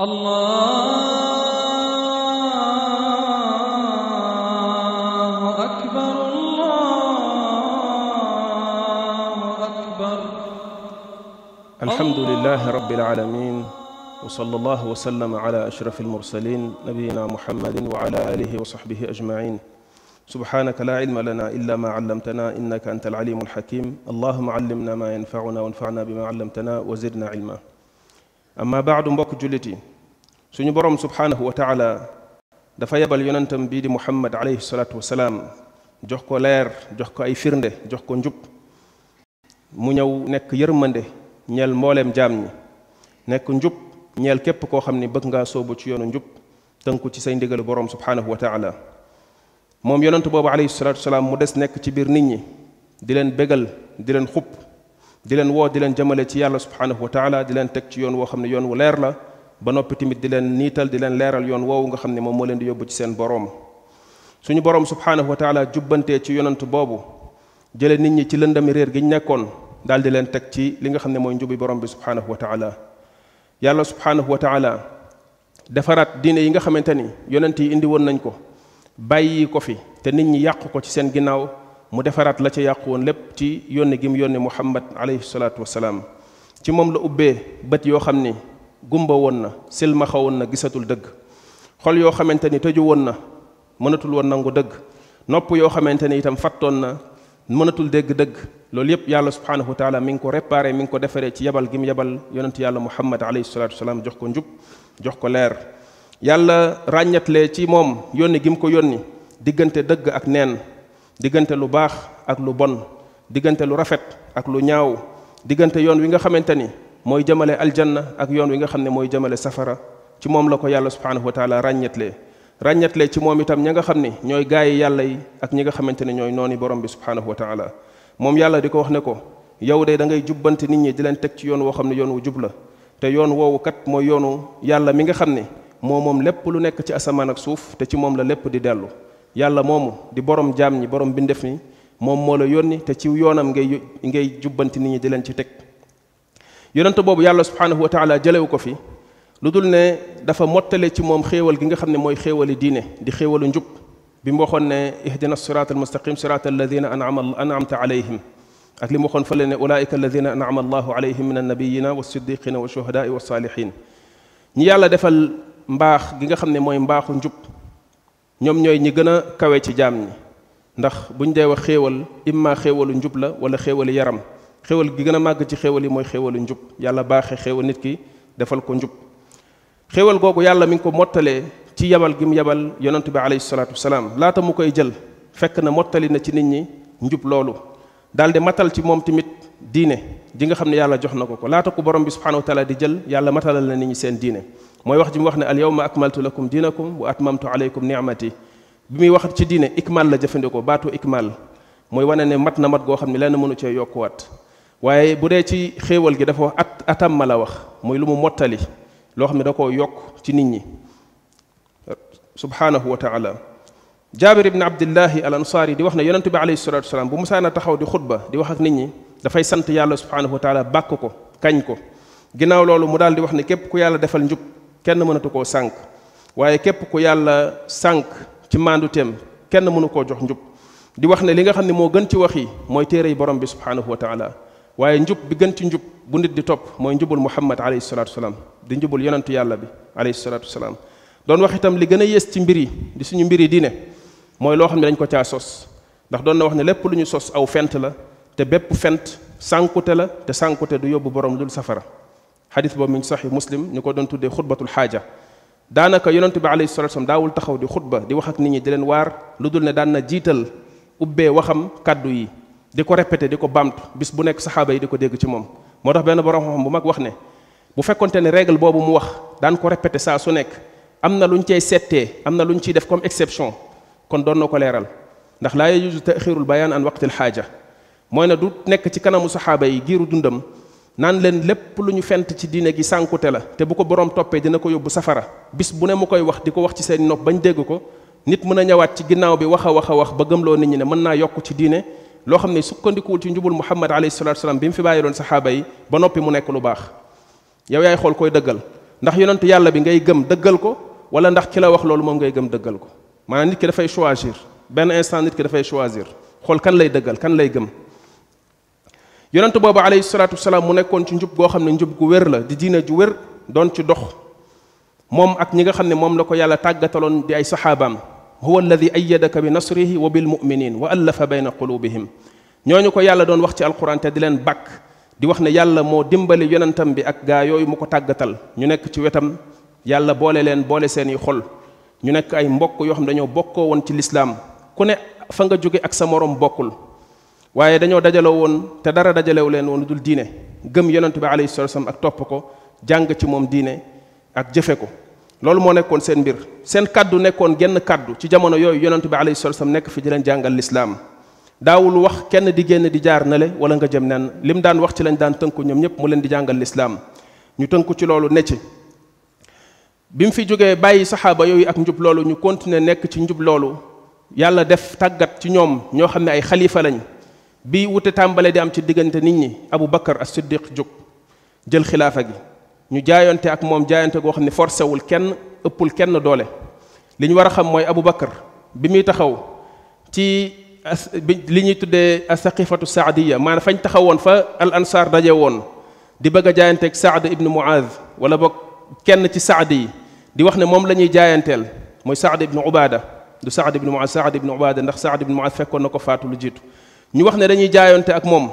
الله أكبر الله أكبر الحمد لله رب العالمين وصلى الله وسلم على أشرف المرسلين نبينا محمد وعلى آله وصحبه أجمعين سبحانك لا علم لنا إلا ما علمتنا إنك أنت العليم الحكيم اللهم علمنا ما ينفعنا وانفعنا بما علمتنا وزدنا علما أما بعد mbokk julliti suñu borom subhanahu wa taala dafa yebal yonentam bi di muhammad alayhi wa salam jox ko leer jox ko ay firnde jox ko njub mu ñëw nek yërmande ñel mbollem jam ñi nek njub ñel kep ko xamni bëgg nga soobu ci yoonu njub tënku ci say ndigal borom subhanahu wa taala mom yonent bobu alayhi wa salam mu dess nek ci bir nit ñi di len bégal di len xup di len wo di len jëmale ci yàlla subhanahu wa taala di len tek ci yoon wo xamni yoon wu leer la ba noppi tamit di leen niital di leen leeral yoon woowu nga xam ne moom moo leen di yóbbu ci seen borom suñu borom subhanahu wa taala jubbantee ci yonant boobu jële nit ñi ci lëndami réer gi nekkoon daal di leen teg ci li nga xam ne mooy njubi borom bi subhanahu wa taala yàlla subhanahu wa taala defaraat diine yi nga xamante ni yonent yi indi woon nañ ko bàyyi ko fi te nit ñi yàq ko ci seen ginnaaw mu defaraat la ca yàq woon lépp ci yónni gi mu yónni muhammad alayhi salaatu wasalaam ci moom la ubbee bët yoo xam ni gumba woon na silmaxa na gisatul deug xol yo xamanteni tëju woon na mënatul woon nangu dëgg nopp yoo xamante itam fattoon na mënatul deug dëgg loolu yàlla subhanahu wa taala min ko reparer min ko defere ci yabal gim yabal yonent yàlla muhammad alayhi salatu wasalam jox ko njub jox ko leer yàlla le ci mom yónni gim ko yónni digante deug ak nen digante lu bax ak lu bon digante lu rafet ak lu ñaaw digante yon wi nga xamanteni mooy jëmale aljanna ak yoon wi nga xamne moy jëmale safara ci mom la ko yàlla subhanahu wa taala ràññatlee ràññatlee ci mom itam ña nga xam ne yàlla yi ak ñi nga xamante ne borom bi subhanahu wa taala mom yàlla diko wax ne ko yow de da ngay jubbante nit ñi di len tek ci yoon wo xamne yoon wu jubla te yoon woowu kat mooy yoonu yàlla mi nga xamne mom mom lépp lu nekk ci asaman ak suuf te ci mom la lépp di delu yàlla mom di borom jamni ñi borom bindef ni mom mo la yoni te ci yoonam ngay ngay jubbanti nit ñi di len ci tek yonent bobu yàlla subhanahu wa taala jëlewu ko fi ludul ne dafa motale ci mom xewal gi nga xamne moy xewali dine di xewalu njub bi mo waxoon ihdinas siratal mustaqim siratal siraat anama anamta alayhim ak limu mu fële ne ulaika alladina anama allahu alayhim minan was-siddiqina wash walsiddiqina walshuhadaai salihin ñi yàlla defal mbax gi nga xamne moy mbaxu njub ñom ñoy ñi gëna kawe ci jamm ñi ndax buñ dé wax xéewal imma xéewalu njub la wala xéewali yaram xéwal gi gëna mag ci xéwal yi moy xewal njub yàlla baxé xéwal nit ki defal ko njub xéwal googu yàlla mi ngi ko motalé ci yabal gi mu yabal yonnatu bi alayhi salatu salaatu la ta mu koy jël fekk na motali na ci nit ñi njub lolu dal de matal ci mom timit diine di nga xamne yàlla jox nako ko la ta ko borom bi subhanahu wa taala di jël yàlla matalal na nit ñi seen diine moy wax ji mu wax ne al yawma akmaltu lakum dinakum wa atmamtu alaykum ni'mati bi mi wax ci diine ikmal la jëfëndiko baatu ikmal moy wane ne mat na mat go xamne ne lenn mënu cee yokkuwaat waaye bu dee ci xéewal gi dafa at atam la wax muy lu mu mottali loo xam ne da koo yokk ci nit ñi subhanahu wa taala jaabir ibn abdillahi al ansaari di wax ne yonente bi alayhi salatu wasalaam bu musaana taxaw di xutba di wax ak nit ñi dafay sant yàlla subhanahu wa taala bàkk ko kañ ko ginnaaw loolu mu daal di wax ne képp ku yàlla defal njub kenn mënatu koo sànq waaye képp ku yàlla sànq ci maandu teem kenn mënu koo jox njub di wax ne li nga xam ne moo gën ci wax yi mooy téere yi borom bi subhanahu wa taala waaye njub bi gën ci njub bu nit di topp mooy njubul muhammad alayhi salatu wasalaam di njubul yonentu yàlla bi alayhi salatu doon wax itam li gën a yées ci mbir yi di suñu mbir yi diine mooy loo xam ne dañ ko caa sos ndax doon na wax ne lépp lu ñu sos aw fent la te bépp fent sànkute la te sànkute du yóbbu borom dul safara xadis boobu mi ngi saxi muslim ñu ko doon tuddee xutbatul xaaja daanaka yonent bi alayhi salatu wasalaam daawul taxaw di xutba di wax ak nit ñi di leen waar lu dul ne daan na jiital ubbee waxam kàddu yi di ko répété di ko bamtu bis bu nek sahaba yi di ko dégg ci mom moo tax benn borom xam bu mag wax ne bu fekkonte ne règle bobu mu wax dan ko répété sa su nek amna luñ cey sété amna luñ ci def comme exception kon don nako léral ndax la yajuzu ta'khirul bayan an waqtil haja moy na du nek ci kanamu sahaba yi giiru dundam nan len lépp luñu fent ci diine gi sànkute la te bu ko borom topé dina ko yóbbu safara bis bu ne mu koy wax diko wax ci seen nopp bañ dégg ko nit mëna ñëwaat ci ginnaw bi waxa waxa wax ba gëm lo nit ñi ne mëna yok ci diine lo xamne sukkandiku sukkandikuwul ci njubul muhammad alayhi salatu salaam bim fi bàyyi sahaba yi ba nopi mu nek lu bax yow yaay xol koy deugal ndax yonent yàlla bi ngay gëm deugal ko wala ndax ki la wax lolou mom ngay gëm deugal ko maanaam nit ki da fay choisir ben instant nit ki da fay choisir xol kan lay deugal kan lay gëm yonent bobu alayhi salatu wasalaam mu nekkon ci njub go xamne njub gu wér la di dina ju wér don ci dox mom ak ñi nga xamne mom moom la ko yàlla tagatalon di ay saxaabaam huwa alladi ayyadaka bi nasrihi wa bil mu'minin wa allafa bayna qulubihim ñooñu ko yàlla doon wax ci alquran te di leen bakk di wax ne yàlla moo dimbali yonentam bi ak gaa yooyu mu ko tàggatal ñu nekk ci wetam yàlla boole leen boole seeni xol ñu nekk ay mbokk yoo xam dañoo bokkoo woon ci lislaam ku ne fa nga jóge ak sa morom bokkul waaye dañoo dajaloo woon te dara dajalew leen woon dul diine gëm yonent bi alayhi salatu wasallam ak topp ko jàng ci moom diine ak jëfe ko loolu moo nekkoon seen mbir seen kaddu nekkoon genn kaddu ci jamono yooyu yonent bi alayhi salatu wasallam nekk fi di leen jàngal lislaam daawul wax kenn di génn di jaar nale wala nga jëm nenn lim daan wax ci lañ daan tënku ñoom ñëpp mu leen di jàngal lislaam ñu tënku ci loolu necc ci bi mu fi jógee bàyyi saxaaba yooyu ak njub loolu ñu continuer nekk ci njub loolu yàlla def tàggat ci ñoom ñoo xam ne ay xalifa lañ bi wute tàmbale di am ci diggante nit ñi abu bakar as siddiq jóg jël xilaafa gi ñu jaayonte ak moom jaayonte goo xam ne forcé wul kenn ëppul kenn doole li ñu war a xam mooy abou bakar bi muy taxaw ci li ñuy tuddee asaqifatu saadiya maanaam fañ taxawoon fa al ansar daje woon di bëgg a ak saad ibn muaz wala boog kenn ci saad di wax ne moom la ñuy jaayanteel mooy saad ibnu ubada du saad ibn muaz saad ibn ubada ndax saad ibn muaz fekkoon na ko faatu lu jiitu ñu wax ne dañuy jaayonte ak moom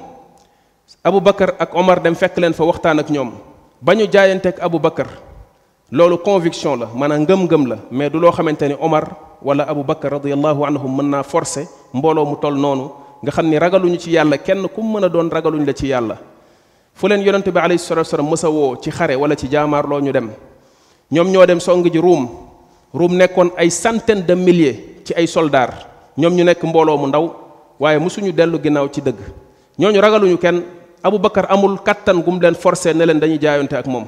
abou bakar ak omar dem fekk leen fa waxtaan ak ñoom ba ñu Abu Bakar loolu conviction la maanaam ngëm-ngëm la mais du loo xamante ni Omar wala Abu Bakar radiyallahu anhum mën naa forcer mbooloo mu toll noonu nga xam ni ragaluñu ci yàlla kenn ku mën a doon ragaluñ la ci yàlla. fu leen yonente bi alayhi salatu wasalam mës a woo ci xare wala ci jaamaarloo ñu dem ñoom ñoo dem song ji ruum ruum nekkoon ay centaine de milliers ci ay soldats ñoom ñu nekk mbooloo mu ndaw waaye mosuñu dellu ginnaaw ci dëgg Abu Bakar amul kattan gum leen forcé ne len dañuy jaayonte ak mom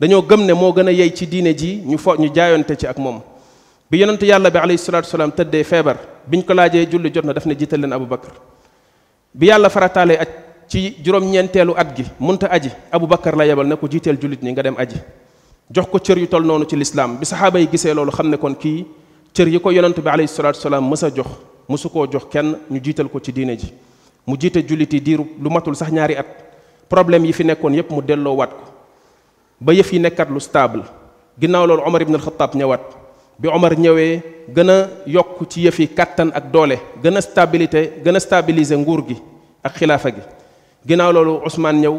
dañu gëm ne mo gëna yey ci diine ji ñu fo ñu jaayonte ci ak mom bi yonent yàlla bi alayhi salatu wasalaam tedde febar biñ ko laajee julli jotna daf ne jiital len Abu Bakar bi yàlla faratalé ak ci juroom ñentelu at gi munta aji Abu Bakar la yebal ne ko jiiteel julit ñi nga dem aji jox ko cër yu tol nonu ci l'islam bi sahaba yi gisee loolu xam ne kon kii cër yi ko yonent bi alayhi salatu wasalaam mësa jox mësu jox kenn ñu jiital ko ci diine ji mu jiite julliti diiru lu matul sax ñaari at problème yi fi nekkoon yépp mu wat ko ba yëf yi nekkat lu stable ginnaaw loolu Omar ibn al-Khattab ñëwaat bi Omar ñëwee gën a yokk ci yëf yi kàttan ak doole gën a stabilité gën a stabiliser nguur gi ak xilaafa gi ginnaaw loolu Ousmane ñëw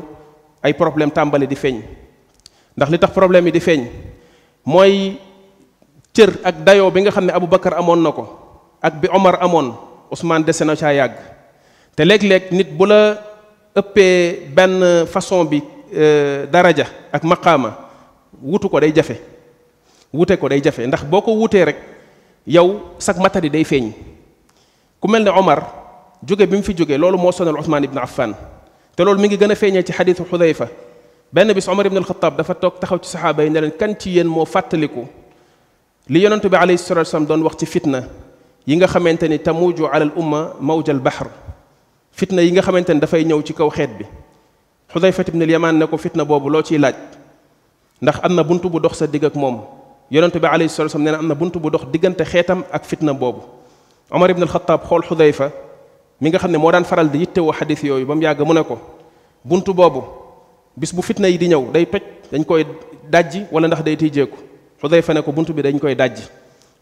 ay problème tàmbali di feeñ ndax li tax problème yi di feeñ mooy cër ak dayoo bi nga xam ne Aboubacar amoon na ko ak bi Omar amoon Ousmane dese na caa yàgg te léeg-léeg nit bu la ëppee ben façon bi daraja ak maqama wutu ko day jafe wute ko day jafe ndax boko ko rek yow sak matari day feeñ ku melni Omar jóge bi fi jóge loolu mo sonal Ousmane ibn Affan te loolu mi ngi gëna a ci hadith hudhayfa ben bis Omar ibn al khattab dafa tok taxaw ci sahaba yi ne leen kan ci yéen mo fataliku li yonentou bi alayhi salatu wa don wax ci fitna yi nga xamanteni ni tamuju ala al umma mawjal al bahr fitna yi nga xamante ne dafay ñëw ci kaw xeet bi xudayfat ibn al-yaman ne ko fitna boobu loo ciy laaj ndax am na bunt bu dox sa dig ak moom yonente bi alayhi salatu wasallam neena am na bunt bu dox diggante xeetam ak fitna boobu omar ibn al-xataab xool xudayfa mi nga xam ne moo daan faral di yittewoo xadis yooyu ba mu yàgg mu ne ko bunt boobu bis bu fitna yi di ñëw day toj dañ koy dajji wala ndax day tiijeeku xudayfa ne ko bunt bi dañ koy dajji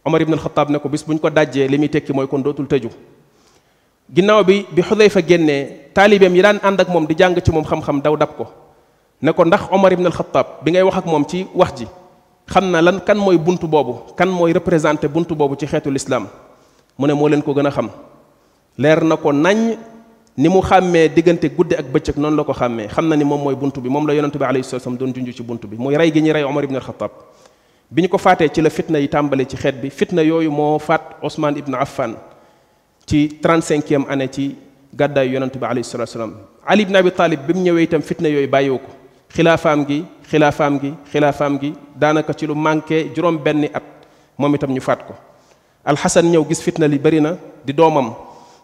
omar ibn al ne ko bis buñ ko dajjee li muy tekki mooy kon dootul tëju ginnaaw bi bi xudayfa génnee taalibeem yi daan ànd ak moom di jàng ci moom xam-xam daw dab ko ne ko ndax omar ibn alxataab bi ngay wax ak moom ci wax ji xam na lan kan mooy buntu boobu kan mooy représenté buntu boobu ci xeetu lislaam mu ne moo leen ko gën a xam leer na ko nañ ni mu xàmmee diggante guddi ak bëccëg noonu la ko xàmmee xam na ni moom mooy buntu bi moom la yonentu bi alayhi salaam doon junj ci buntu bi muy ray gi ñuy ray omar ibn alxataab bi ñu ko faatee ci la fitna yi tàmbale ci xeet bi fitna yooyu moo faat osman ibn affan ci 35e année ci gàddaayu yonent bi alayhi salatu salaam ali ibn abi talib bi mu itam fitna yooyu bàyyiwu ko xilaafaam gi xilaafaam gi xilaafaam gi daanaka ci lu manqué juróom benni at moom itam ñu faat ko alxasan ñëw gis fitna li bëri na di doomam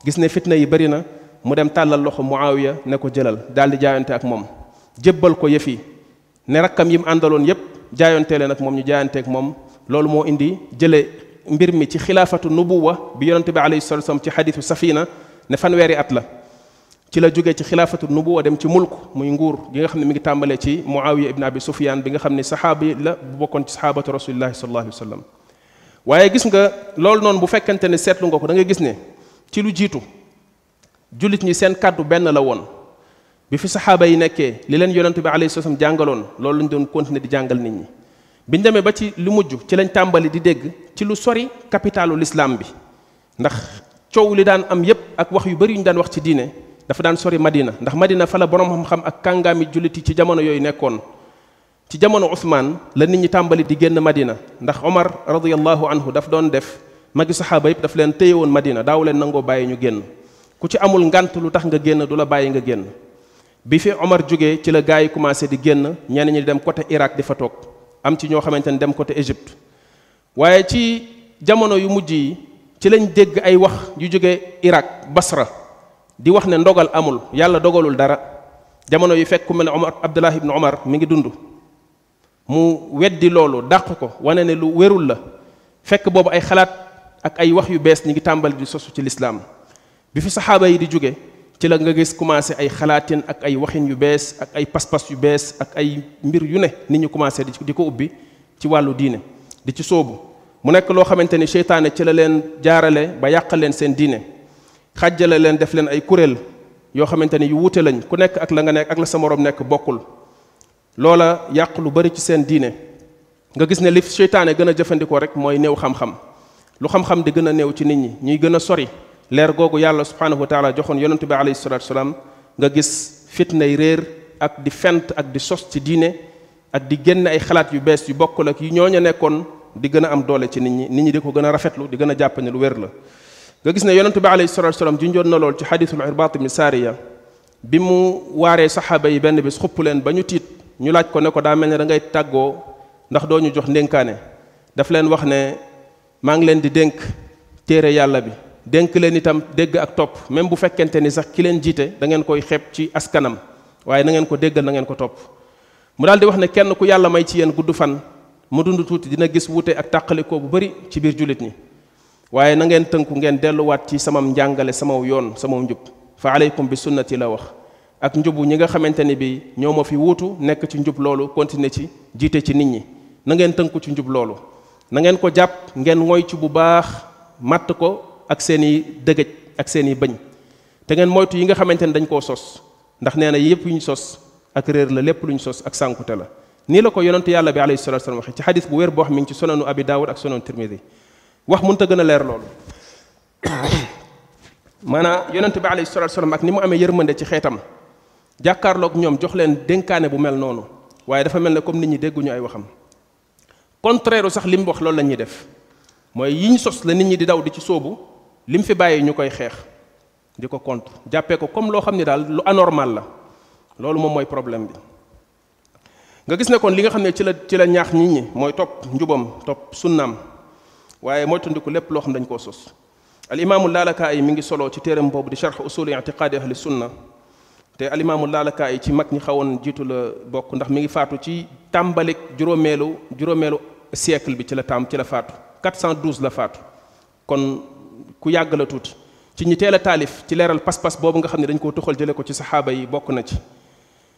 gis ne fitna yi bëri na mu dem tàllal loxo muawiya ne ko jëlal daal di jaayante ak moom jébbal ko yëf yi ne rakkam yi mu àndaloon yépp jaayonteele nag moom ñu jaayanteek moom loolu moo indi jële mbir mi ci khilafatu nubuwa bi yonente bi alayhi salatu wasallam ci hadithu safina ne fanweeri at la ci la jóge ci khilafatu nubuwa dem ci mulk muy nguur gi nga xam mi ngi tambale ci muawiya ibn abi sufyan bi nga xam sahabi la bu bokkoon ci sahabatu rasulillahi sallallahu alayhi wasallam waye gis nga lol non bu fekkante ne setlu nga ko da nga gis ne ci lu jitu julit ñi seen kàddu ben la won bi fi sahaba yi nekké li leen yonente bi alayhi salatu wasallam jàngaloon loolu lañ doon continuer di jàngal nit ñi biñ demee ba ci lu mujj ci lañ tàmbali di dégg ci lu sori capitalu l'islam bi ndax coow li daan am yépp ak wax yu bari yu ñu daan wax ci diine dafa daan sori Madina ndax Madina fa la borom xam-xam ak kàngaami julliti ci jamono yooyu nekkoon ci jamono Ousmane la nit ñi tàmbali di génn Madina ndax Omar radiyallahu anhu daf doon def magi saxaaba yëpp daf leen téye woon Madina daaw leen nangoo bàyyi ñu génn ku ci amul ngant lu tax nga génn du la bàyyi nga génn bi fi Omar jógee ci la gars yi commencé di génn ñenn ñi dem côté Irak di fa toog. am ci ñoo xamante ne dem côté Égypte waaye ci jamono yu mujj yi ci lañ dégg ay wax yu jóge Irak Basra di wax ne ndogal amul yàlla dogalul dara jamono yu fekk mel ne Omar Abdullah ibn Omar mi ngi dund mu weddi loolu dàq ko wane ne lu wérul la fekk boobu ay xalaat ak ay wax yu bees ñi ngi tàmbali di sosu ci lislaam bi fi saxaaba yi di jóge ci la nga gis commencé ay xalaatin ak ay waxin yu bees ak ay paspas yu bees ak ay mbir yu ne nit ñu commencé di ko ubbi ci wàllu diine di ci soobu mu nekk loo xamante ni seytaane ci la leen jaarale ba yàq leen seen diine xàjjale leen def leen ay kuréel yoo xamante ni yu wuute lañ ku nekk ak la nga nekk ak la sa moroom nekk bokkul loola yàq lu bari ci seen diine nga gis ne li seytaane gën a jëfandikoo rek mooy néew xam-xam lu xam-xam di gën a néew ci nit ñi ñuy gën a sori leer googu yàlla subhanahu wa taala joxoon yonentu bi alayhi salatu wasalaam nga gis fitnay réer ak di fent ak di sos ci diine ak di génn ay xalaat yu bees yu bokkul ak yu ñooña nekkoon di gën a am doole ci nit ñi nit ñi di ko gën a rafetlu di gën a jàpp lu wér la nga gis ne yonentu bi alayhi salatu wasalaam junjoon na lool ci xadisul irbat ibn saariya bi mu waaree saxaaba yi benn bis xupp leen ba ñu tiit ñu laaj ko ne ko daa mel ne da ngay tàggoo ndax doo ñu jox ndénkaane daf leen wax ne maa ngi leen di dénk téere yàlla bi dénk leen itam dégg ak topp même bu fekkente ni sax ki leen jiite da ngeen koy xepp ci askanam waaye na ngeen ko déggal na ngeen ko topp mu daal di wax ne kenn ku yàlla may ci yéen gudd fan mu dund tuuti dina gis wuute ak tàqalikoo bu bëri ci biir jullit ñi waaye na ngeen tënku ngeen delluwaat ci samam njàngale samaw yoon samaw njub fa aleykum bi sunnati la wax ak njubu ñi nga xamante ni bi ñoo ma fi wuutu nekk ci njub loolu continuer ci jiite ci nit ñi na ngeen tënku ci njub ko jàpp ngeen moy ci bu baax matt ko ak seeni dëgëj ak seeni bañ te ngeen moytu yi nga xamantene dañ ko sos ndax neena yëpp yuñ sos ak réer la lépp luñ sos ak sànkute la ni la ko yonentu yàlla bi alayhi salatu wasallam waxe ci hadith bu wér bo wax ci sonanu abi daawud ak sonanu tirmidhi wax mënut a gën a leer loolu mana yonent bi alayhi salatu wasallam ak ni mu amee yërmande ci xeetam jàkkaarloog ñoom jox leen dénkaane bu mel noonu waaye dafa mel ne comme nit ñi dégguñu ay waxam contraire sax lim wax loolu la ñuy def mooy yiñ sos la nit ñi di daw di ci sóobu lim fi bàyyi ñu koy xeex di ko jàppee ko comme loo xam ne lu anormal la problème bi nga gis ne kon li nga ci la ci la ñaax nit ñi mooy topp njubam topp sunnaam waaye mooy tundiku lépp loo xam dañ koo sos mi ngi solo ci téeram di charx usuli ahli sunna te alimaamu laalakaayi ci mag ñi xawoon jiitu la bokk ndax siècle la la 412 la kon ku yàgg la tuuti ci ñi teel a taalif ci leeral pas-pas boobu nga xam ne dañ koo tuxal jële ko ci saxaaba yi bokk na ci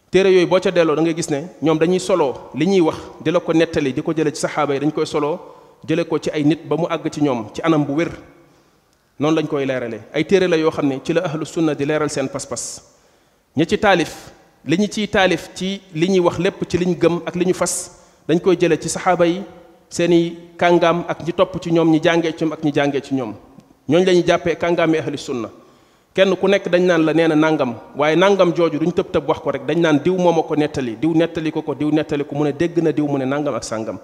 téere yooyu boo ca delloo da ngay gis ne ñoom dañuy soloo li ñuy wax di la ko nettali di ko jële ci saxaaba yi dañ koy soloo jële ko ci ay nit ba mu àgg ci ñoom ci anam bu wér noonu lañ koy leeralee ay téere la yoo xam ne ci la ahlu sunna di leeral seen pas-pas ña ci taalif li ñu ciy taalif ci li ñuy wax lépp ci li ñu gëm ak li ñu fas dañ koy jële ci saxaaba yi seeni kàngaam ak ñi topp ci ñoom ñi jàngee ci ak ñi jàngee ci ñoom ñoñ lañu jappé jàppee kàngaami ahli sunna kenn ku nekk dañ nan la neena nangam waye nangam joju duñ tepp tepp wax ko rek dañ nan diw momako netali diw netali ko ko diw netali ko mu ne dégg na diw mu ne nangam ak sàngam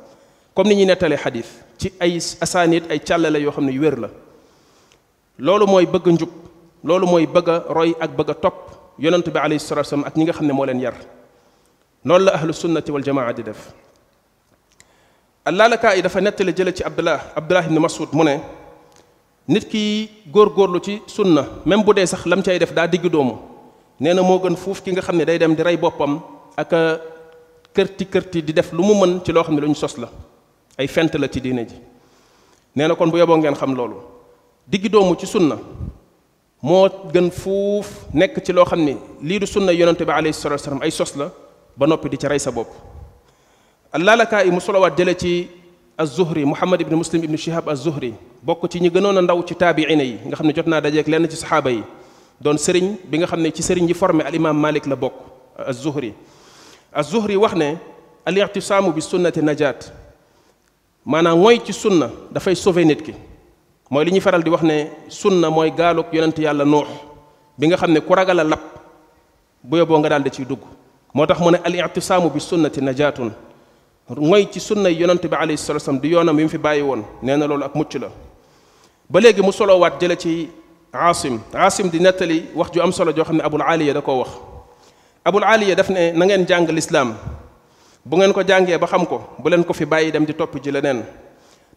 comme ni ñi nettalee hadith ci ay asaanit ay càllale yo xam wér la lolu moy bëgg njub lolu moy bëgg roy ak bëgg top topp bi alayhi salatu wasallam ak ñi nga xam mo leen yar noonu la ahlu sunnati wal jamaa di def allaalakaa ay dafa nettali jële ci abdullah abdullah ibn masud mu ne nit ki góorgóorlu ci sunna même bu dé sax lam cay def da digg doomu néna mo gën fouf ki nga xamné day dem di ray bopam ak kërti kërti di def lu mu mën ci lo xamné luñu sos la ay fente la ci diine ji néna kon bu yoboo ngeen xam lolu digg doomu ci sunna mo gën fouf nek ci lo xamné li du sunna yonnate bi alayhi salatu wasalam ay sos la ba nopi di ci ray sa bopp allaalakaay mu solowaat jële ci az-Zuhri Muhammad ibn Muslim ibn Shihab az-Zuhri bokk ci ñi gënoon a ndaw ci taabiina yi nga xam ne jot naa ci saxaaba yi doon sëriñ bi nga xam ci sëriñ yi formé al imam Malik la bokk az-Zuhri az-Zuhri wax ne al-i'tisaamu bi sunnati najaat maanaam mooy ci sunna dafay sauver nit ki mooy li ñuy faral di wax ne sunna mooy gaalug yonent yàlla nuux bi nga xam ku ragal a bu yoboo nga daal da dugg moo tax ne al-i'tisaamu bi sunnati najaatun moy ci sunna yonante bi alayhi salatu wasallam du yonam yim fi bàyyi won neena lolou ak muccu la ba legi mu solo wat jële ci asim asim di netali wax ju am solo jo xamne abul aliya da koo wax abul aliya daf ne na ngeen jàng l'islam bu ngeen ko jange ba xam ko bu len ko fi bàyyi dem di top ji lenen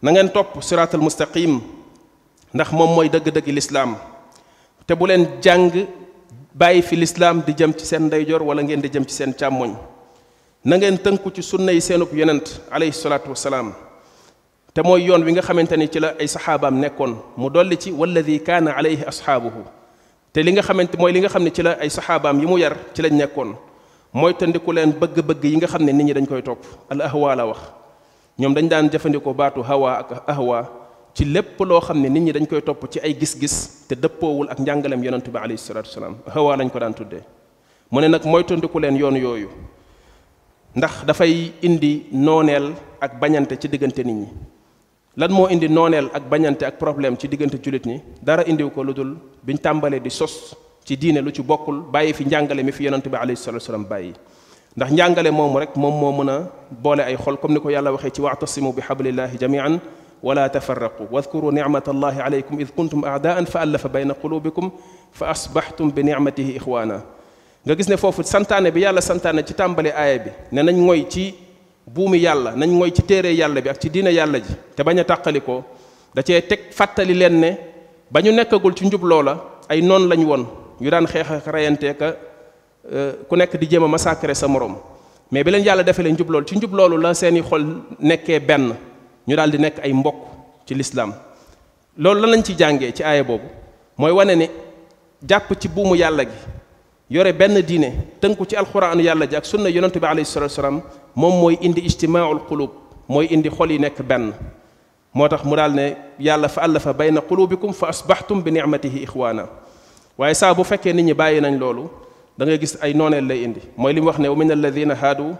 na ngeen top siratal mustaqim ndax mom moy deug deug l'islam te bu len jàng bàyyi fi l'islam di jëm ci seen ndeyjoor wala ngeen di jëm ci sen chamoy na ngeen tënku ci sunna yi seenub yonent alayhi salatu wasalaam te mooy yoon wi nga xamanteni ci la ay saxaabaam nekkoon mu dolli ci walladi kaana alayhi ashabuhu te li nga xamante mooy li nga xam ne ci la ay saxaabaam yi mu yar ci lañ nekkoon mooy tandiku leen bëgg-bëgg yi nga xam ne nit ñi dañ koy topp al ahwa la wax ñoom dañ daan jëfandikoo baatu hawa ak ahwa ci lépp loo xam ne nit ñi dañ koy topp ci ay gis-gis te dëppoowul ak njàngaleem yonent bi alayhi salatu wasalaam hawa lañ ko daan tuddee mu ne nag mooy tandiku leen yoon yooyu ndax dafay indi nooneel ak bañante ci diggante nit ñi lan moo indi nooneel ak bañante ak problème ci diggante julit ñi dara indiw ko lu dul biñ tàmbalee di sos ci diine lu ci bokkul bàyyi fi njàngale mi fi yonante bi alayhi salatu wasalam bàyyi ndax njàngale moomu rek moom moo mën a boole ay xol comme ni ko yàlla waxee ci waatasimu bi xablillahi jamian ولا تفرقوا واذكروا نعمة الله عليكم إذ كنتم أعداء فألف بين قلوبكم فأصبحتم بنعمته إخوانا nga gis ne foofu santaane bi yàlla santaane ci tàmbali aaya bi ne nañu mooy ci buumi yàlla nañ mooy ci téere yàlla bi ak ci diine yàlla ji te bañ a tàqali ko da cee teg fàttali leen ne ba ñu nekkagul ci njubloo la ay noon lañ woon yu daan xeex ak rayante ka euh, ku nekk di jéem a massacrer sa moroom mais bi leen yàlla defalee njub loolu ci njub loolu la seeni xol nekkee benn ñu daal di nekk ay mbokk ci lislaam loolu la lañ ci jàngee ci aaya boobu mooy wane ni jàpp ci buumu yàlla gi yore benn diine tënku ci alxuraanu yàlla ji ak sunna yonentu bi alayhi salatu salaam moom mooy indi ijtimaaul qulub mooy indi xol yi nekk benn moo tax mu daal ne yàlla fa allafa bayna qulubikum fa asbaxtum bi nicmatihi ixwaana waaye saa bu fekkee nit ñi bàyyi nañ loolu da ngay gis ay nooneel lay indi mooy li wax ne min alladina haadu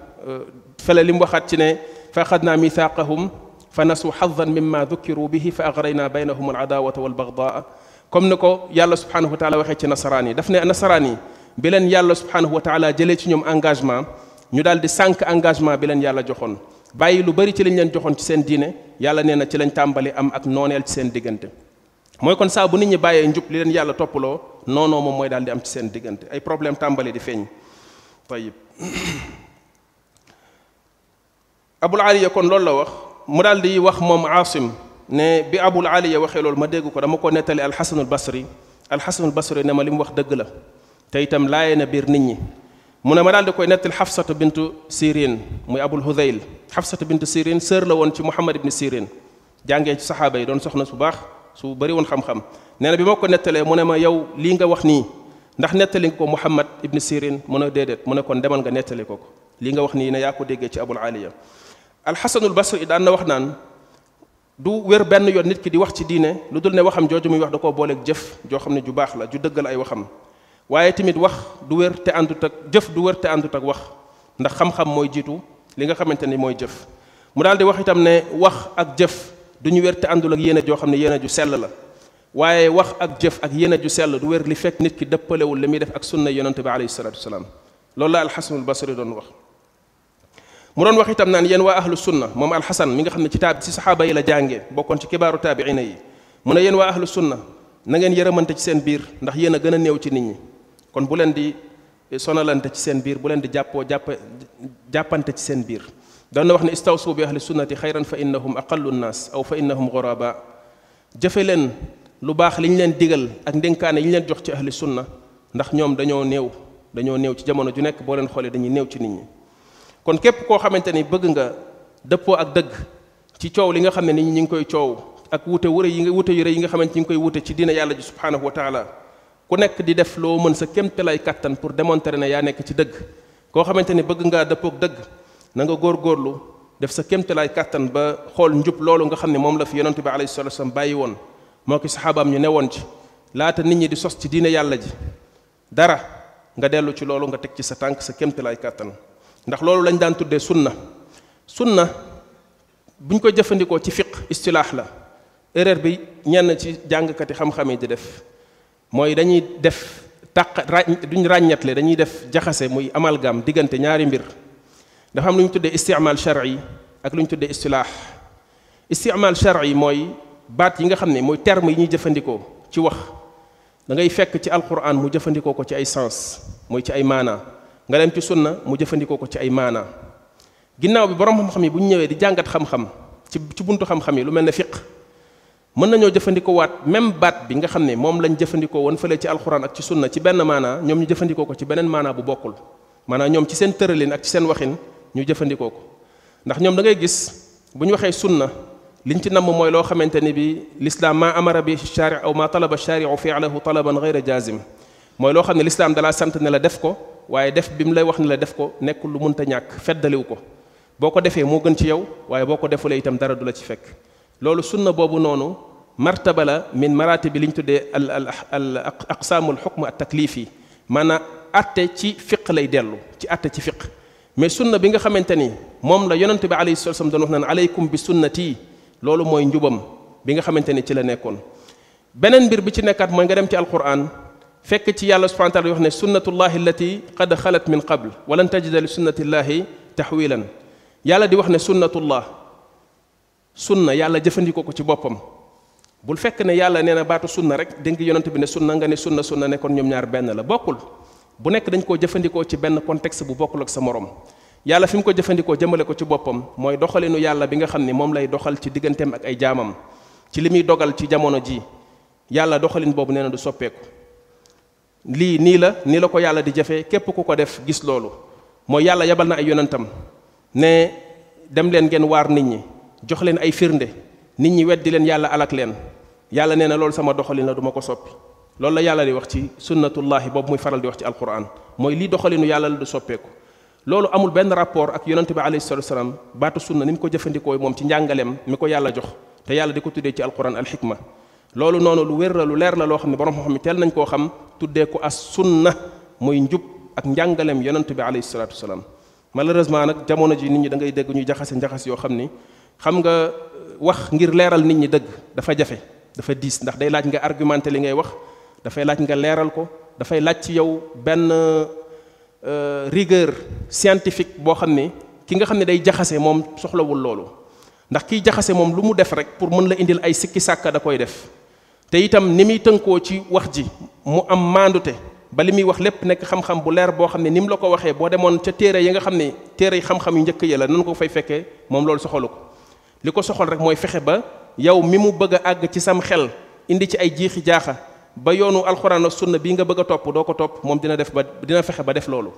fele li mu ci ne fa axadnaa mithaqahum fa nasu xadan mimma dukiru bihi fa agrayna baynahum al wal bagdaa comme ni ko yàlla subhanahu wa taala waxee ci nasaraan yi daf bi leen yàlla subhanahu wa taala jele ci ñom engagement ñu daldi sank engagement bi yàlla joxon bàyyi lu bari ci liñ leen joxon ci sen diine yàlla neena ci lañ tàmbali am ak nonel ci sen digënté moy kon sa bu nit ñi bayé njub li leen yàlla toppaloo nono mom moy daldi am ci sen digënté ay problème tàmbali di feñ tayib abul ali kon lool la wax mu daldi wax mom asim ne bi abul ali waxe lool ma dégg ko dama ko nettali al basri al basri ne ma li wax dëgg la te itam laayee na biir nit ñi mu ne ma daal di koy nettal xafsatu bint sirin muy abul hudayl xafsatu bint sirin sœur la woon ci muhammad ibn sirin jàngee ci saxaaba yi doon soxna su baax su bari woon xam-xam nee na bi ma ko nettalee mu ne ma yow lii nga wax nii ndax nettali ko muhammad ibn sirin mu ne déedéet mu ne kon demal nga nettali ko ko lii nga wax nii ne yaa ko déggee ci abul aliya alxasanul basri daan na wax naan du wér benn yoon nit ki di wax ci diine lu dul ne waxam jooju muy wax da koo booleeg jëf joo xam ne ju baax la ju dëggal ay waxam waaye tamit wax du wér te àndut ak jëf du wér te àndut ak wax ndax xam-xam mooy jiitu li nga xamante ni mooy jëf mu daal di wax itam ne wax ak jëf duñu ñu wér te àndul ak yéene joo xam ne yéene ju sell la waaye wax ak jëf ak yéene ju sell du wér li fekk nit ki dëppalewul li muy def ak sunna yonante bi alayhi salatu wasalaam loolu la alxasanul basri doon wax mu doon wax itam naan yéen waa ahlu sunna moom alxasan mi nga xam ne ci taab ci saxaaba yi la jàngee bokkoon ci kibaaru taabiina yi mu ne yéen waa ahlu sunna na ngeen yërëmante ci seen biir ndax yéen a gën a néew ci nit ñi kon bu leen di sonalante ci seen biir bu leen di jàppoo jàpp jàppante ci seen biir daan wax ne istawsu bi ahli sunnati xayran fa innahum aqallu nnaas aw fa innahum ghuraba jëfe leen lu baax li ñu leen digal ak ndénkaane yi ñu leen jox ci ahli sunna ndax ñoom dañoo néew dañoo néew ci jamono ju nekk boo leen xoolee dañuy néew ci nit ñi kon képp koo xamante ni bëgg nga dëppoo ak dëgg ci coow li nga xam ne nit ñi ñu ngi koy coow ak wute wure yi nga wute yi nga xamante ñu ngi wute ci diina yàlla ji subhanahu wa taala ku nekk di def loo mën sa kéemtalaay kattan pour démontrer na yaa nekk ci dëgg koo xamante ni bëgg ngaa dëppoog dëgg na nga góorgóorlu def sa kéemtalaay kattan ba xool njub loolu nga xam ne moom la fi yonente bi alayhi salatu wasallam bàyyi woon moo ki saxaabaam ñu woon ci laata nit ñi di sos ci diine yàlla ji dara nga dellu ci loolu nga teg ci sa tànk sa kéemtalaay kàttan ndax loolu lañ daan tuddee sunna sunna buñ ko jëfandikoo ci fiq istilaax la erreur bi ñenn ci jàngkati xam-xam yi di def moy dañuy def tak duñ ràññatle dañuy def jaxase moy amalgam digante ñaari mbir dafa am luñ tuddé istimal shar'i ak luñ tuddé istilah istimal shar'i moy bat yi nga xamné moy terme yi ñuy jëfëndiko ci wax da ngay fekk ci alquran mu jëfëndiko ko ci ay sens moy ci ay mana nga dem ci sunna mu jëfëndiko ko ci ay mana ginnaw bi borom xam-xam yi bu ñëwé di jàngat xam-xam ci ci buntu xam-xam yi lu melni fiqh mën nañoo jëfandikoo waat même baat bi nga xam ne moom lañ jëfandikoo woon fële ci alxuraan ak ci sunna ci benn maanaa ñoom ñu jëfandikoo ko ci beneen maanaa bu bokkul maanaam ñoom ci seen tëralin ak ci seen waxin ñu jëfandikoo ko ndax ñoom da ngay gis bu ñu waxee sunna liñ ci namm mooy loo xamante ni bi lislaam maa amara bi shaari aw maa talaba shaariu fi'lahu talaban ghayra jaazim mooy loo xam ne lislaam dalaa sant ne la def ko waaye def bi mu lay wax ne la def ko nekkul lu munta ñàkk feddaliw ko boo ko defee moo gën ci yow waaye boo ko defulee itam dara du la ci fekk لولو سنة بابو نونو مرتبة من مراتب اللي انتو دي الأقسام الحكم التكليفي مانا أتي تي فقه لي ديلو تي أتي تي فقه مي سنة بيغا خمنتني مم لا يوننتي تبع عليه الصلاة والسلام دونو نان عليكم بسنتي لولو موي نجوبم بيغا خمنتني تي لا نيكون بنن بير بي تي نيكات تي القرآن فك تي يالله سبحانه وتعالى يوخني سنة الله التي قد خلت من قبل ولن تجد لسنة الله تحويلا يالله دي وحنا سنة الله sunna yàlla jëfandikoo ko ci boppam bul fekk ne yàlla nee na baatu sunna rek dégg yonent bi ne sunna nga ne sunna sunna ne kon ñoom ñaar benn la bokkul bu nekk dañ koo jëfandikoo ci benn contexte bu bokkul ak sa morom yàlla fi mu ko jëfandikoo jëmale ko ci boppam mooy doxalinu yàlla bi nga xam ne moom lay doxal ci digganteem ak ay jaamam ci li muy dogal ci jamono ji yàlla doxalin boobu nee na du soppeeku lii nii la nii la ko yàlla di jafee képp ku ko def gis loolu mooy yàlla yebal na ay yonentam ne dem leen ngeen waar nit ñi jox leen ay firnde nit ñi weddi leen yàlla alak leen yàlla nee na loolu sama doxalin la duma ko soppi loolu la yàlla di wax ci sunnatullahi boobu muy faral di wax ci alquran mooy lii doxalinu yàlla la du soppeeku loolu amul benn rapport ak yonente bi alayhi salatu wasalam baatu sunna ni mu ko jëfandikoo moom ci njàngaleem mi ko yàlla jox te yàlla di ko tuddee ci alquran alxikma loolu noonu lu wér la lu leer la loo xam ne borom xam teel nañ koo xam tuddee ko as sunna muy njub ak njàngaleem yonente bi alayhi salatu wasalam malheureusement nag jamono ji nit ñi da ngay dégg ñuy jaxase njaxas yoo xam ni xam nga wax ngir leeral nit ñi dëgg dafa jafe dafa diis ndax day laaj nga argumenté li ngay wax dafay laaj nga leeral ko dafay laaj ci yow benn rigueur scientifique boo xam ne ki nga xam ne day jaxase moom soxlawul loolu ndax kiy jaxase moom lu mu def rek pour mën la indil ay sikki sàkka da koy def te itam ni muy tënkoo ci wax ji mu am maandute ba li muy wax lépp nekk xam-xam bu leer boo xam ne ni mu la ko waxee boo demoon ca téere yi nga xam ne téere xam-xam yu njëkk ya la nan ko fay fekkee moom loolu soxalu ko liko soxol rek moy fexe ba yow mi mu bëgg ag ci sam xel indi ci ay jiixi jaaxa ba yoonu alxuraan ak sunna bi nga bëgg top do ko top mom dina def ba dina fexe ba def lolu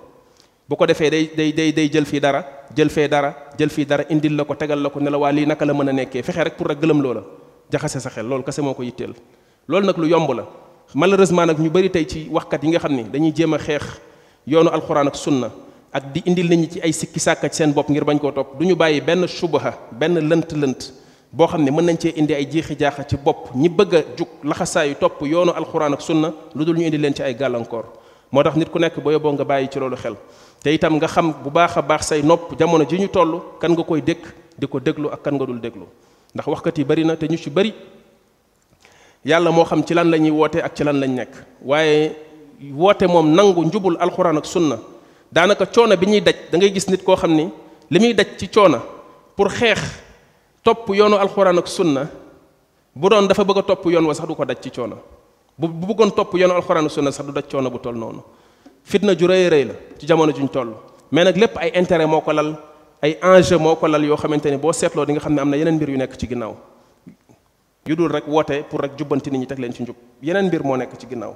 bu ko defé day day day jël fi dara jël fee dara jël fi dara indil lako tegal lako ne la wali naka la mëna nekké fexe rek pour rek gëlëm lolu jaxase sa xel lolu kasse moko yittel lolu nak lu yomb la malheureusement nak ñu bari tay ci wax kat yi nga xamni dañuy jema xex yoonu alxuraan ak sunna ak di indil nit ci ay sikki sàkka ci seen bopp ngir bañ koo topp du ñu bàyyi benn subaha benn lënt-lënt boo xam ne mën nañ cee indi ay jeexi jaaxa ci bopp ñi bëgg a jug laxasaayu topp yoonu alxuraan ak sunna lu dul ñu indi leen ci ay gàllankoor moo tax nit ku nekk ba yóbboo nga bàyyi ci loolu xel te itam nga xam bu baax a baax say nopp jamono ji ñu toll kan nga koy dëkk di ko déglu ak kan nga dul déglu ndax waxkat yi bari na te ñu ci bari yàlla moo xam ci lan la ñuy woote ak ci lan lañ nekk waaye woote moom nangu njubul alxuraan ak sunna daanaka coono bi ñuy daj da ngay gis nit koo xam ni li muy daj ci coono pour xeex topp yoonu alxuraan ak sunna bu doon dafa bëgg topp yoon wa sax du ko daj ci coono bu bu bëggoon topp yoonu alxuraan ak sunna sax du daj coono bu toll noonu fitna ju rëy rëy la ci jamono ju ñu toll mais nag lépp ay intérêt moo ko lal ay enjeu moo ko lal yoo xamante ni boo seetloo di nga xam ne am na yeneen mbir yu nekk ci ginnaaw yu dul rek woote pour rek jubbanti nit ñi teg leen ci njub yeneen mbir moo nekk ci ginnaaw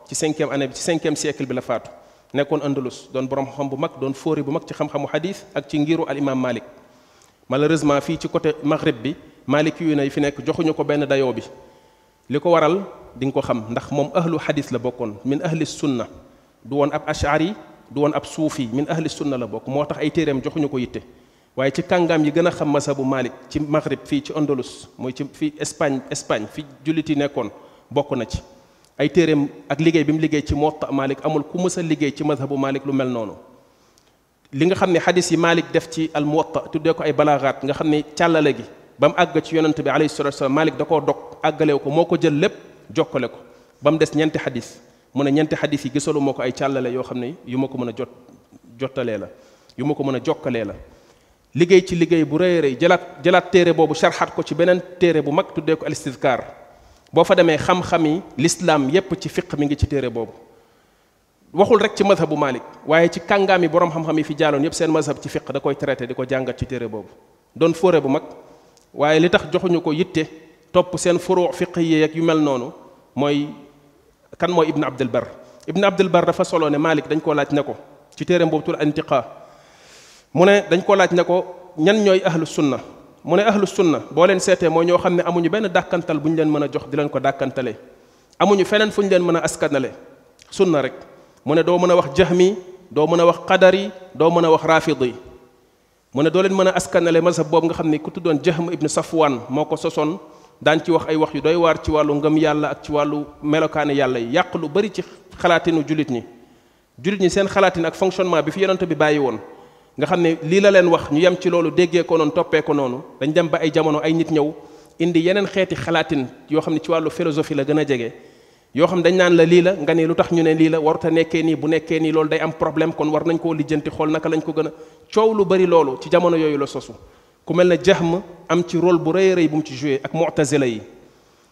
ci cinquième année bi ci cinquième siècle bi la faatu nekkoon andalus doon borom xam bu mag doon fóori bu mag ci xam-xamu xadis ak ci ngiru al imam malik malheureusement fii ci côté maghrib bi malik yu ne fi nekk joxuñu ko benn dayoo bi li ko waral di nga ko xam ndax moom ahlu xadis la bokkoon min ahli sunna du woon ab ashari du woon ab suufi min ahli sunna la bokk moo tax ay téeréem joxuñu ko yitte waaye ci kàngaam yi gën a xam masabu malik ci maghrib fii ci andalus mooy ci fii espagne espagne fi julliti nekkoon bokk na ci ay téeréem ak liggéey bi mu liggéey ci Muwatta Malik amul ku mës liggéey ci mazhabu Malik lu mel noonu li nga xam ne xadis yi Malik def ci al mota tuddee ko ay balaaxaat nga xam ne càllale gi ba mu àgg ci yonent bi alayhi salatu wasalam Malik da koo dog àggalew ko moo ko jël lépp jokkale ko ba mu des ñeenti xadis mu ne ñeenti xadis yi gisalu moo ko ay càllale yoo xam ne yu ma ko mën a jot jottalee la yu ma ko mën a jokkalee la liggéey ci liggéey bu rëy rëy jëlaat jëlaat téere boobu sarxaat ko ci beneen téere bu mag tuddee ko al istizkar boo fa demee xam-xami lislaam yépp ci fiq mi ngi ci téere boobu waxul rek ci mazhabu malik waaye ci kàngaami borom xam-xam yi fi jaaloon yépp seen mazhab ci fiq da koy traité di ko jàngat ci téere boobu doon fóore bu mag waaye li tax joxuñu ko yitte topp seen furu fiq yi ak yu mel noonu mooy kan mooy ibn abdul bar ibn abdul bar dafa solo ne malik dañ koo laaj ne ko ci téere boobu tul antiqa mu ne dañ koo laaj ne ko ñan ñooy ahlu sunna mu ne ahlu sunna boo leen seetee mooy ñoo xam ne amuñu benn dàkkantal bu ñu leen mën a jox di leen ko dàkkantalee amuñu feneen fu leen mën a askanale sunna rek mu ne doo mën a wax jahmi doo mën a wax qadari doo mën a wax rafidi yi mu ne doo leen mën a askanale mazhab boobu nga xam ne ku tuddoon jahm ibnu safwan moo ko sosoon daan ci wax ay wax yu doy waar ci wàllu ngëm yàlla ak ci wàllu melokaani yàlla yi yàq lu ci xalaatinu julit ñi julit ñi seen xalaatin ak fonctionnement bi fi yonent bi bàyyi woon nga xamne li la len wax ñu yam ci lolu déggé ko non topé ko noonu dañ dem ba ay jamono ay nit ñëw indi yenen xeeti xalaatin yo xamne ci walu philosophie la gëna jege yo xam dañ nan la li la nga ne lutax ñu ne li la warta nekké ni bu nekké ni lolu day am problème kon war nañ ko lijeenti xol naka lañ ko gëna ciow lu bari lolu ci jamono yoyu la sosu ku mel ne jahm am ci rôle bu reey reey bu mu ci jouer ak mu'tazila yi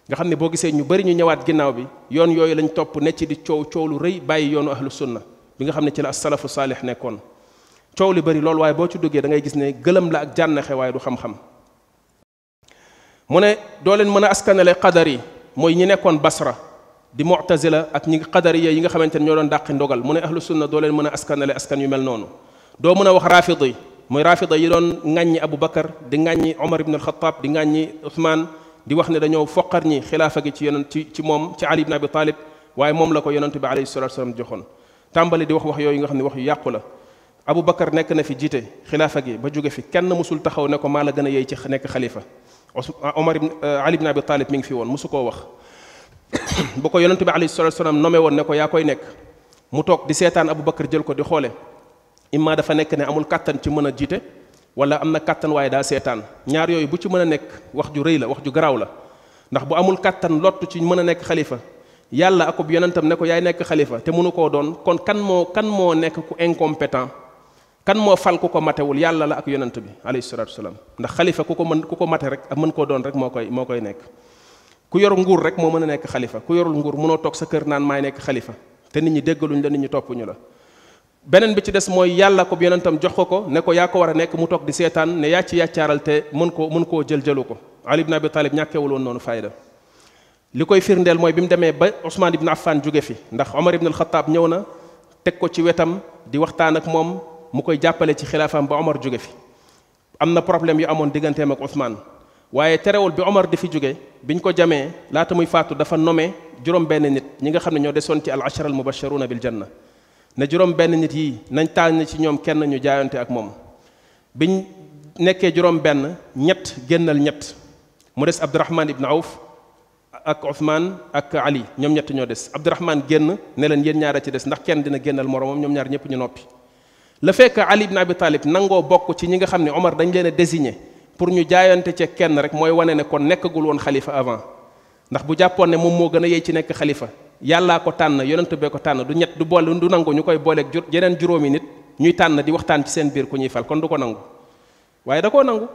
nga xamne bo gisé ñu bari ñu ñëwaat ginnaw bi yoon yoyu lañ top ne ci di ciow ciow lu reey bàyyi yoonu ahlus sunna bi nga xamne ci la as salafu nekkon nekkoon coow li bari loolu waaye boo ci duggee da ngay gis ne gëlëm la ak xe waaye du xam-xam mu ne doo leen mën a askanale qadar yi mooy ñi nekkoon basra di mu'tazila ak ñi qadariya yi nga xamante ne ñoo doon dàqi ndogal mu ne ahlu sunna doo leen mën a askanale askan yu mel noonu doo mën a wax rafida yi mooy rafida yi doon ŋàññi abou bakar di ŋàññi omar ibn alxataab di ŋàññi uthman di wax ne dañoo foqar ñi xilaafa gi ci yonent ci ci moom ci ali ibn abi talib waaye moom la ko yonent bi alayhi salatu wasalam joxoon tàmbali di wax wax yooyu nga xam ne wax yu yàqu la bakar nekk na fi jiite xilaafa gi ba jóge fi kenn musul taxaw ne ko maa la gën a yey ci nekk xalifa Omar ibn Ali ibn Abi Talib mi ngi fi woon musu koo wax bu ko yonente bi alayhi salatu salaam nome woon ne ko yaa koy nekk mu toog di seetaan bakar jël ko di xoole imma dafa nekk ne amul kàttan ci mën a jiite wala am na kàttan waaye daa seetaan ñaar yooyu bu ci mën a nekk wax ju rëy la wax ju garaaw la ndax bu amul kàttan lottu ci mën a nekk xalifa yàlla akub yonentam ne ko yaay nekk xalifa te mënu koo doon kon kan moo kan moo nekk ku incompétent kan mo fal kuko matewul yàlla la ak yonent bi alayhi salatu wasalaam ndax khalifa kuko man kuko mate rek am man ko don rek mokoy mokoy nek ku yor nguur rek mo meuna nek khalifa ku yorul nguur mënoo tok sa keur nan may nek khalifa te nit ñi déggaluñ la nit ñi topuñu la benen bi ci dess moy yàlla ko yonentam jox ko ko ne ko ya ko wara nek mu tok di setan ne ya ci ya ciaral te mën ko mën ko jël jëlu ko ali ibn abi talib ñakewul won nonu fayda likoy firndel moy mooy deme ba usman ibn affan jóge fi ndax umar ibn al khattab ñewna tek ko ci wetam di waxtaan ak mom mu koy jàppale ci xilaafaam ba Omar jóge fi am na problème yu amoon digganteem ak Ousmane waaye terewul bi Omar di fi jóge biñ ko jamee laata muy faatu dafa nome juróom benn nit ñi nga xam ne ñoo desoon ci al ashara al mubasharuna bil janna ne juróom benn nit yi nañ tànn ci ñoom kenn ñu jaayante ak moom biñ nekkee juróom benn ñett génnal ñett mu des Abdurahman ibn Awf ak Ousmane ak Ali ñoom ñett ñoo des Abdurahman génn ne leen yéen ñaara ci des ndax kenn dina génnal moromam ñoom ñaar ñëpp ñu noppi le fait que ali ibn abi talib nango bokk ci ñi nga omar dañ leena désigner pour ñu jaayante ci kenn rek moy wane ne kon nekkul won khalifa avant ndax bu jappone mom mo gëna gën yey ci nekk khalifa yalla ko tan yonent be ko tan du ñet du bol du nango ñukoy bolé ak jur juróomi nit ñuy tan di waxtaan ci seen biir ku ñuy fal kon du ko nangu waye da ko nangu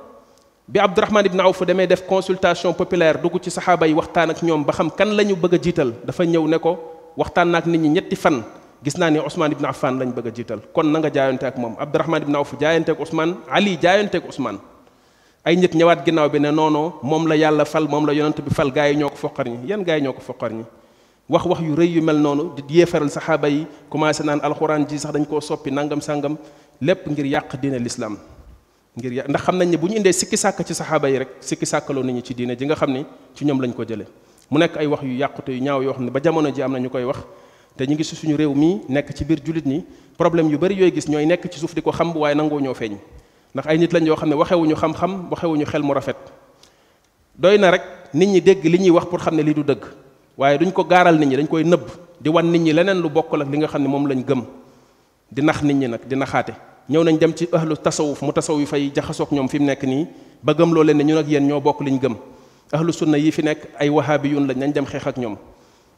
bi abdourahman ibn awf demé def consultation populaire dugg ci sahaba yi waxtaan ak ñom ba xam kan lañu bëgg jital dafa ñëw ne ko waxtaan nak nit ñi ñetti fan gis naa ni Ousmane ibn Affan lañ bëgg a jiital kon na nga jaayonte ak moom Abdurahman ibn Awf jaayonte ak Ousmane Ali jaayonte ak Ousmane ay nit ñëwaat ginnaaw bi ne noono moom la yàlla fal moom la yonent bi fal gaa yi ñoo ko foqar ñi yan gaa ñoo ko foqar ñi wax wax yu rëy yu mel noonu di yéefaral saxaaba yi commencé naan alxuraan ji sax dañ koo soppi nangam sàngam lépp ngir yàq diine l'islam ngir yàq ndax xam nañ ne bu ñu indee sikki sàkk ci saxaaba yi rek sikki sàkkaloo nit ñi ci diine ji nga xam ne ci ñoom lañ ko jëlee mu nekk ay wax yu yàqute yu ñaaw yoo xam ne ba jamono ji am na ñu koy wax te ñu ngi si suñu réew mi nekk ci biir julit ñi problème yu bari yooy gis ñooy nekk ci suuf di ko xam waaye nangoo ñoo feeñ ndax ay nit lañ yoo xam ne waxewuñu xam-xam waxewuñu xel mu rafet doy na rek nit ñi dégg li ñuy wax pour xam ne lii du dëgg waaye duñ ko gaaral nit ñi dañ koy nëbb di wan nit ñi leneen lu bokkul ak li nga xam ne moom lañ gëm di nax nit ñi nag di naxaate ñëw nañ dem ci ahlu tasawuf mu tasawuf yu fay jaxasoog ñoom fi mu nekk nii ba gëm loo leen ne ñun ak yéen ñoo bokk liñ gëm ahlu sunna yi fi nekk ay wahabiyun lañ nañ dem xeex ak ñoom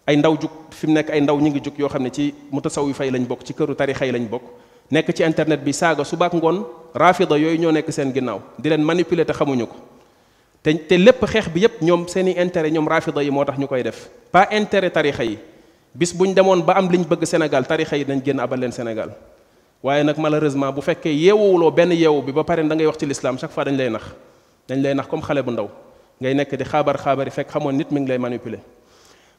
ay ndaw juk fim nek ay ndaw ñi ngi juk yo xamne ci mutasawwi fay lañ bok ci keuru tarixa yi lañ bok nek ci internet bi saga su bak ngon rafida yoy ñoo nek seen ginnaw di len manipuler ta xamuñu ko te te lépp xex bi yep ñom seen intérêt ñom rafida yi motax ñukoy def pa intérêt tarixa yi bis buñ demone ba am liñ bëgg Sénégal tarixa yi dañ génn abal len Sénégal waye nak malheureusement bu fekke yewuulo ben yewu bi ba pare da ngay wax ci l'islam chaque fois dañ lay nax dañ lay nax comme xale bu ndaw ngay nek di xabar xabar fek xamone nit mi ngi lay manipuler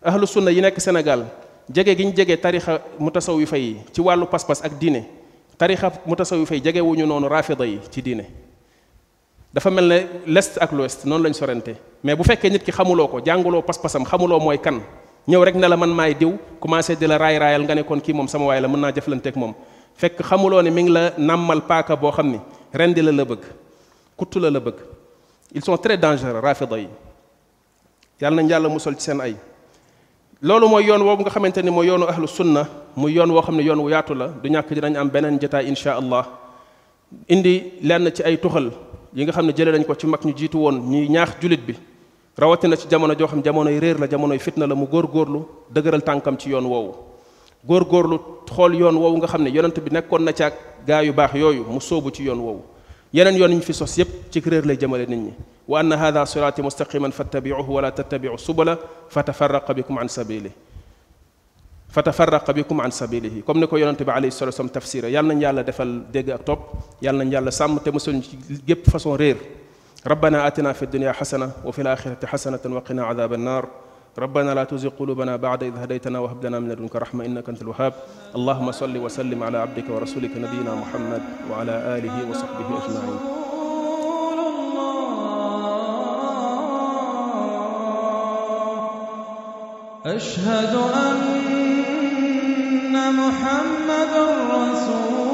ahlu sunna yi nek Sénégal jege giñ jege tariha mutasawifa yi ci walu pass pass ak dine tariha mutasawifa yi jege wuñu nonu rafida yi ci dine dafa melne l'est ak l'ouest non lañ sorente mais bu fekke nit ki xamulo ko jangulo pass passam xamulo moy kan ñëw rek na la man may diw commencé de la ray rayal nga ne kon ki mom sama way la mën jëflanté ak mom fekk xamulo ni mi ngi la namal paaka bo xamni rendi la la bëgg kuttu la la bëgg ils sont très dangereux rafida yi yàlla nañ yàlla musal ci sen ay loolu mooy yoon woowu nga xamante ni mooy yoonu ahlu sunna muy yoon woo xam ne yoon wu yaatu la du ñàkk dinañ am beneen jataay insha allah indi lenn ci ay tuxal yi nga xam ne jëlee nañ ko ci mag ñu jiitu woon ñuy ñaax julit bi rawatina ci jamono joo xam yi réer la yi fitna la mu góorgóorlu dëgëral tànkam ci yoon woowu góorgóorlu xool yoon woowu nga xam ne yonent bi nekkoon na ci ak gaa yu baax yooyu mu sóobu ci yoon woowu يلن يون في سوس تكرر لي جمال نني وان هذا صراطي مستقيما فاتبعوه ولا تتبعوا السبل فتفرق بكم عن سبيله فتفرق بكم عن سبيله كم نكو يونت عليه الصلاه والسلام تفسير يالنا يالا ديفال ديغ اك يالنا يالا سام تي جيب فاصون رير ربنا اتنا في الدنيا حسنه وفي الاخره حسنه وقنا عذاب النار ربنا لا تزغ قلوبنا بعد إذ هديتنا وهب لنا من لدنك رحمة إنك أنت الوهاب اللهم صل وسلم على عبدك ورسولك نبينا محمد وعلى آله وصحبه أجمعين أشهد أن محمد رسول